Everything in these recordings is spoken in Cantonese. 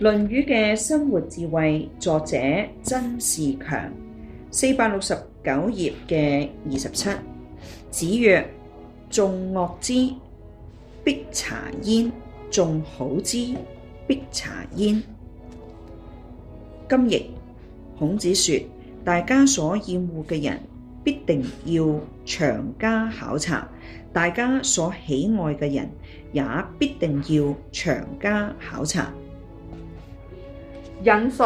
《論語》嘅生活智慧，作者曾仕強，四百六十九頁嘅二十七。子曰：眾惡之，必察焉；眾好之，必察焉。今譯，孔子說，大家所厭惡嘅人，必定要長加考察；大家所喜愛嘅人，也必定要長加考察。引述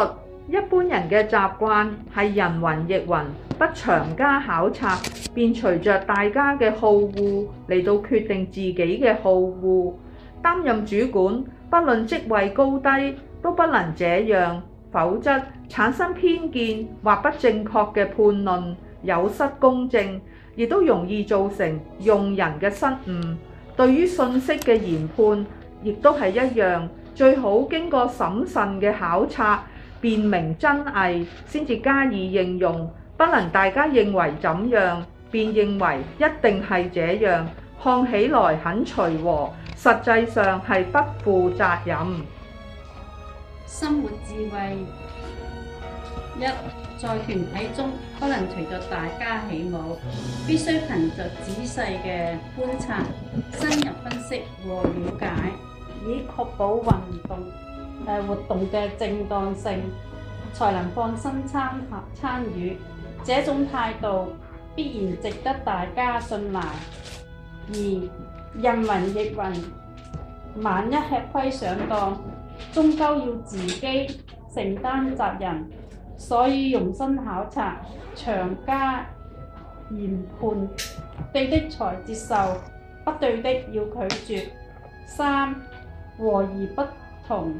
一般人嘅習慣係人云亦云，不常加考察，便隨着大家嘅好惡嚟到決定自己嘅好惡。擔任主管，不論職位高低，都不能這樣，否則產生偏見或不正確嘅判論，有失公正，亦都容易造成用人嘅失誤。對於信息嘅研判，亦都係一樣。最好經過審慎嘅考察，辨明真偽，先至加以應用。不能大家認為怎樣，便認為一定係這樣。看起來很隨和，實際上係不負責任。生活智慧一，在團體中，不能隨着大家起舞，必須憑着仔細嘅觀察、深入分析和瞭解。以確保運動誒、呃、活動嘅正當性，才能放心參合參與。這種態度必然值得大家信賴。二，人云亦云，萬一吃虧上當，終究要自己承擔責任。所以用心考察，長加研判，對的才接受，不對的要拒絕。三。和而不同，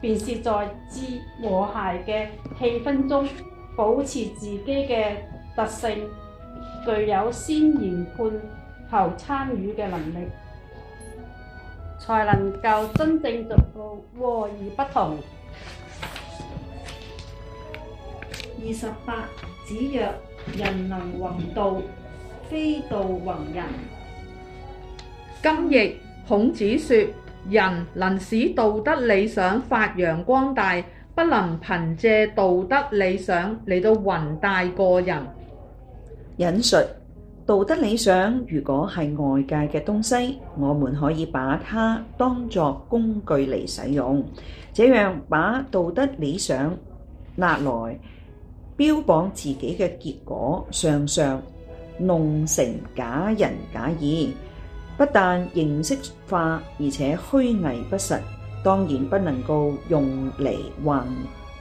便是在自和諧嘅氣氛中保持自己嘅特性，具有先研判後參與嘅能力，才能夠真正做到和而不同。二十八，子曰：人能弘道，非道弘人。今譯孔子說。人能使道德理想發揚光大，不能憑借道德理想嚟到宏大個人。引述道德理想如果係外界嘅東西，我們可以把它當作工具嚟使用，這樣把道德理想拿來標榜自己嘅結果，常常弄成假仁假義。不但形式化，而且虛偽不實，當然不能夠用嚟宏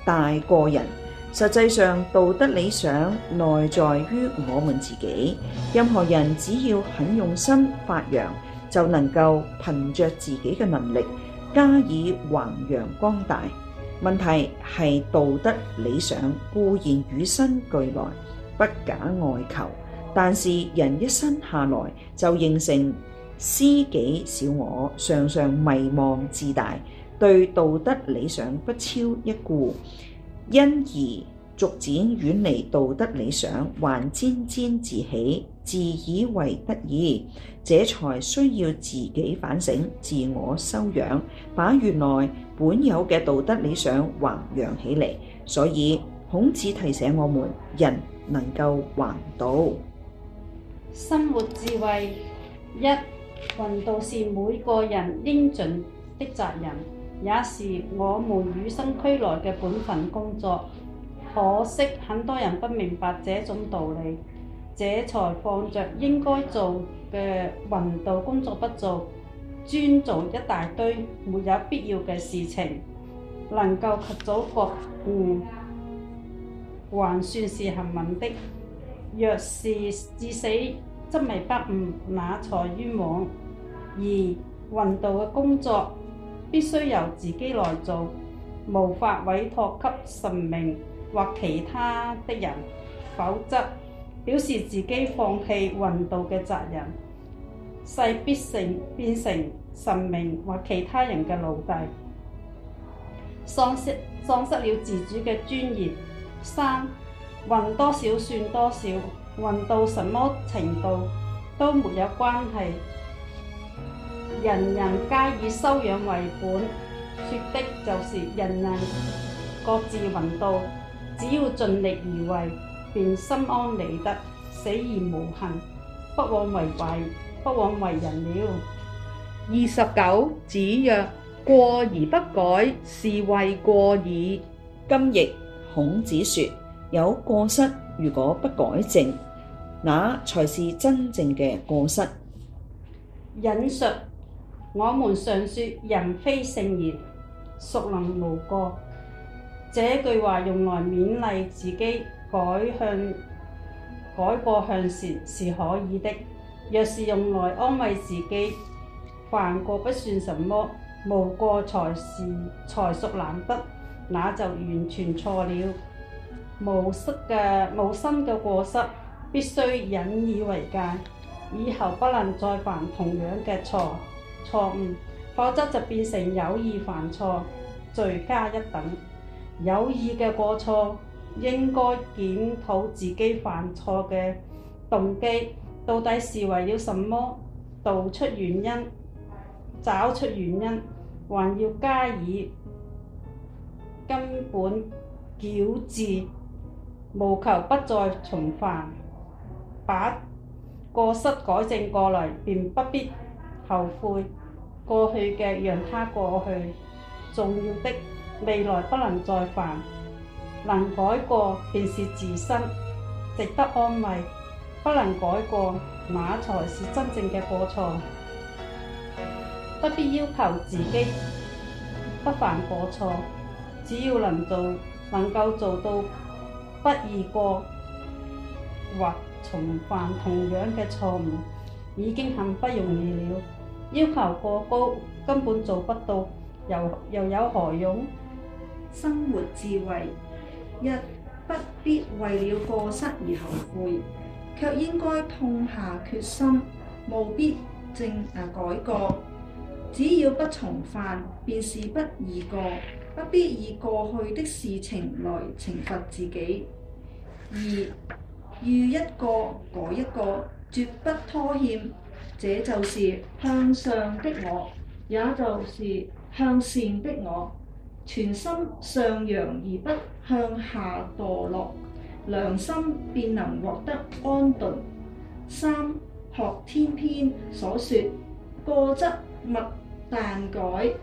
大個人。實際上，道德理想內在於我們自己。任何人只要肯用心發揚，就能夠憑着自己嘅能力加以弘揚光大。問題係道德理想固然與生俱來，不假外求，但是人一生下來就形成。失己小我，常常迷惘自大，對道德理想不屑一顧，因而逐漸遠離道德理想，還沾沾自喜，自以為得意。這才需要自己反省、自我修養，把原來本有嘅道德理想弘揚起嚟。所以孔子提醒我們：人能夠弘道生活智慧一。運道是每個人應盡的責任，也是我們與生俱來嘅本份工作。可惜很多人不明白這種道理，這才放着應該做嘅運道工作不做，專做一大堆沒有必要嘅事情。能夠及早覺悟，還算是幸運的；若是至死，執迷不悟，那才冤枉。二，運道嘅工作必須由自己嚟做，無法委託給神明或其他的人，否則表示自己放棄運道嘅責任，勢必成變成神明或其他人嘅奴隸，喪失喪失了自主嘅尊嚴。三，運多少算多少。運到什麼程度都沒有關係，人人皆以修養為本，説的就是人人各自運道，只要盡力而為，便心安理得，死而無恨，不枉為貴，不枉為人了。二十九，子曰：過而不改，是謂過矣。今亦孔子説有過失。如果不改正，那才是真正嘅過失。引述，我們常說“人非聖賢，孰能無過”這句話，用來勉勵自己改向改過向善是可以的。若是用來安慰自己犯過不算什麼，無過才是才屬難得，那就完全錯了。無識嘅無心嘅過失，必須引以為戒，以後不能再犯同樣嘅錯錯誤，否則就變成有意犯錯，罪加一等。有意嘅過錯應該檢討自己犯錯嘅動機，到底是為了什麼？道出原因，找出原因，還要加以根本矯治。無求不再重犯，把過失改正過來，便不必後悔過去嘅，讓它過去。重要的未來不能再犯，能改過便是自身值得安慰。不能改過，那才是真正嘅過錯。不必要求自己不犯過錯，只要能做，能夠做到。不二過或重犯同樣嘅錯誤已經很不容易了，要求過高根本做不到，又又有何用？生活智慧一，不必為了過失而後悔，卻應該痛下決心，務必正改過。只要不重犯，便是不二過。不必以過去的事情來懲罰自己，二遇一個改一個，絕不拖欠，這就是向上的我，也就是向善的我，全心上揚而不向下墮落，良心便能獲得安頓。三學而篇所說，過則勿憚改。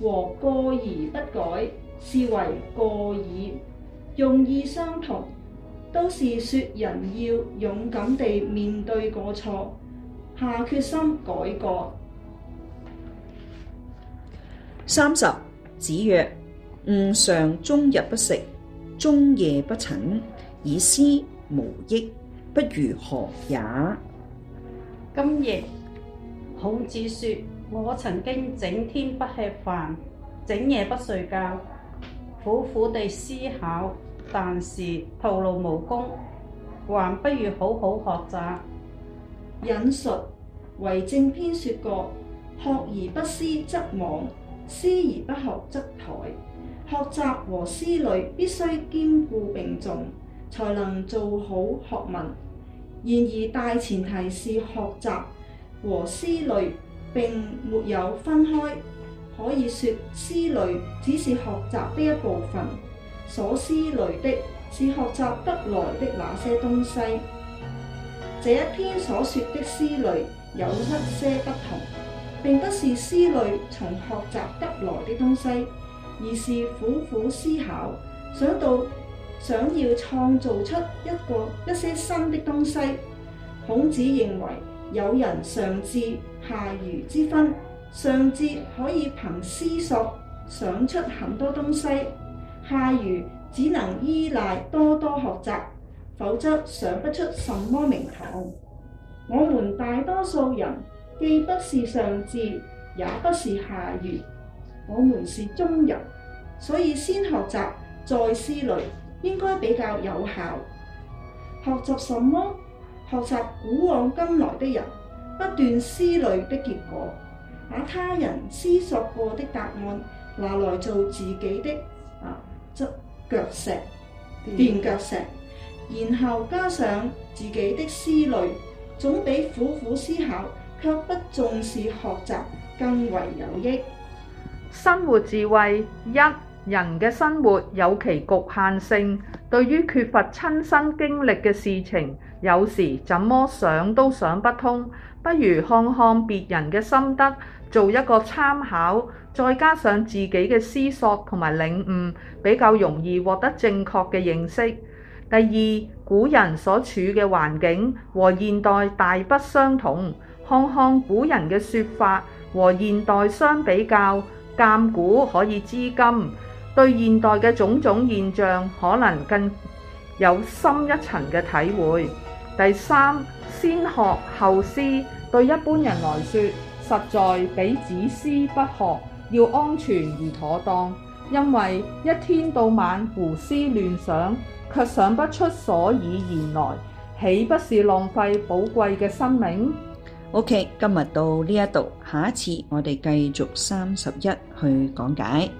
和過而不改，是為過矣。用意相同，都是說人要勇敢地面對過錯，下決心改過。三十，子曰：吾嘗終日不食，終夜不寢以思，無益，不如學也。今夜孔子說。我曾經整天不吃飯，整夜不睡覺，苦苦地思考，但是徒勞無功，還不如好好學習。引述《為政》篇説過：學而不思則罔，思而不學則殆。學習和思慮必須兼顧並重，才能做好學問。然而大前提是學習和思慮。並沒有分開，可以說思慮只是學習的一部分。所思慮的是學習得來的那些東西。這一篇所說的思慮有一些不同，並不是思慮從學習得來的東西，而是苦苦思考，想到想要創造出一個一些新的東西。孔子認為有人尚知、下愚之分，上智可以憑思索想出很多東西，下愚只能依賴多多學習，否則想不出什麼名堂。我們大多數人既不是上智，也不是下愚，我們是中人，所以先學習再思慮應該比較有效。學習什麼？學習古往今來的人。不斷思慮的結果，把他人思索過的答案拿來做自己的啊，腳石、墊腳石，然後加上自己的思慮，總比苦苦思考卻不重視學習更為有益。生活智慧一。人嘅生活有其局限性，對於缺乏親身經歷嘅事情，有時怎麼想都想不通。不如看看別人嘅心得，做一個參考，再加上自己嘅思索同埋領悟，比較容易獲得正確嘅認識。第二，古人所處嘅環境和現代大不相同，看看古人嘅說法和現代相比較，鑑古可以知今。對現代嘅種種現象，可能更有深一層嘅體會。第三，先學後思，對一般人來說，實在比只思不學要安全而妥當。因為一天到晚胡思亂想，却想不出所以然來，豈不是浪費寶貴嘅生命？OK，今日到呢一度，下一次我哋繼續三十一去講解。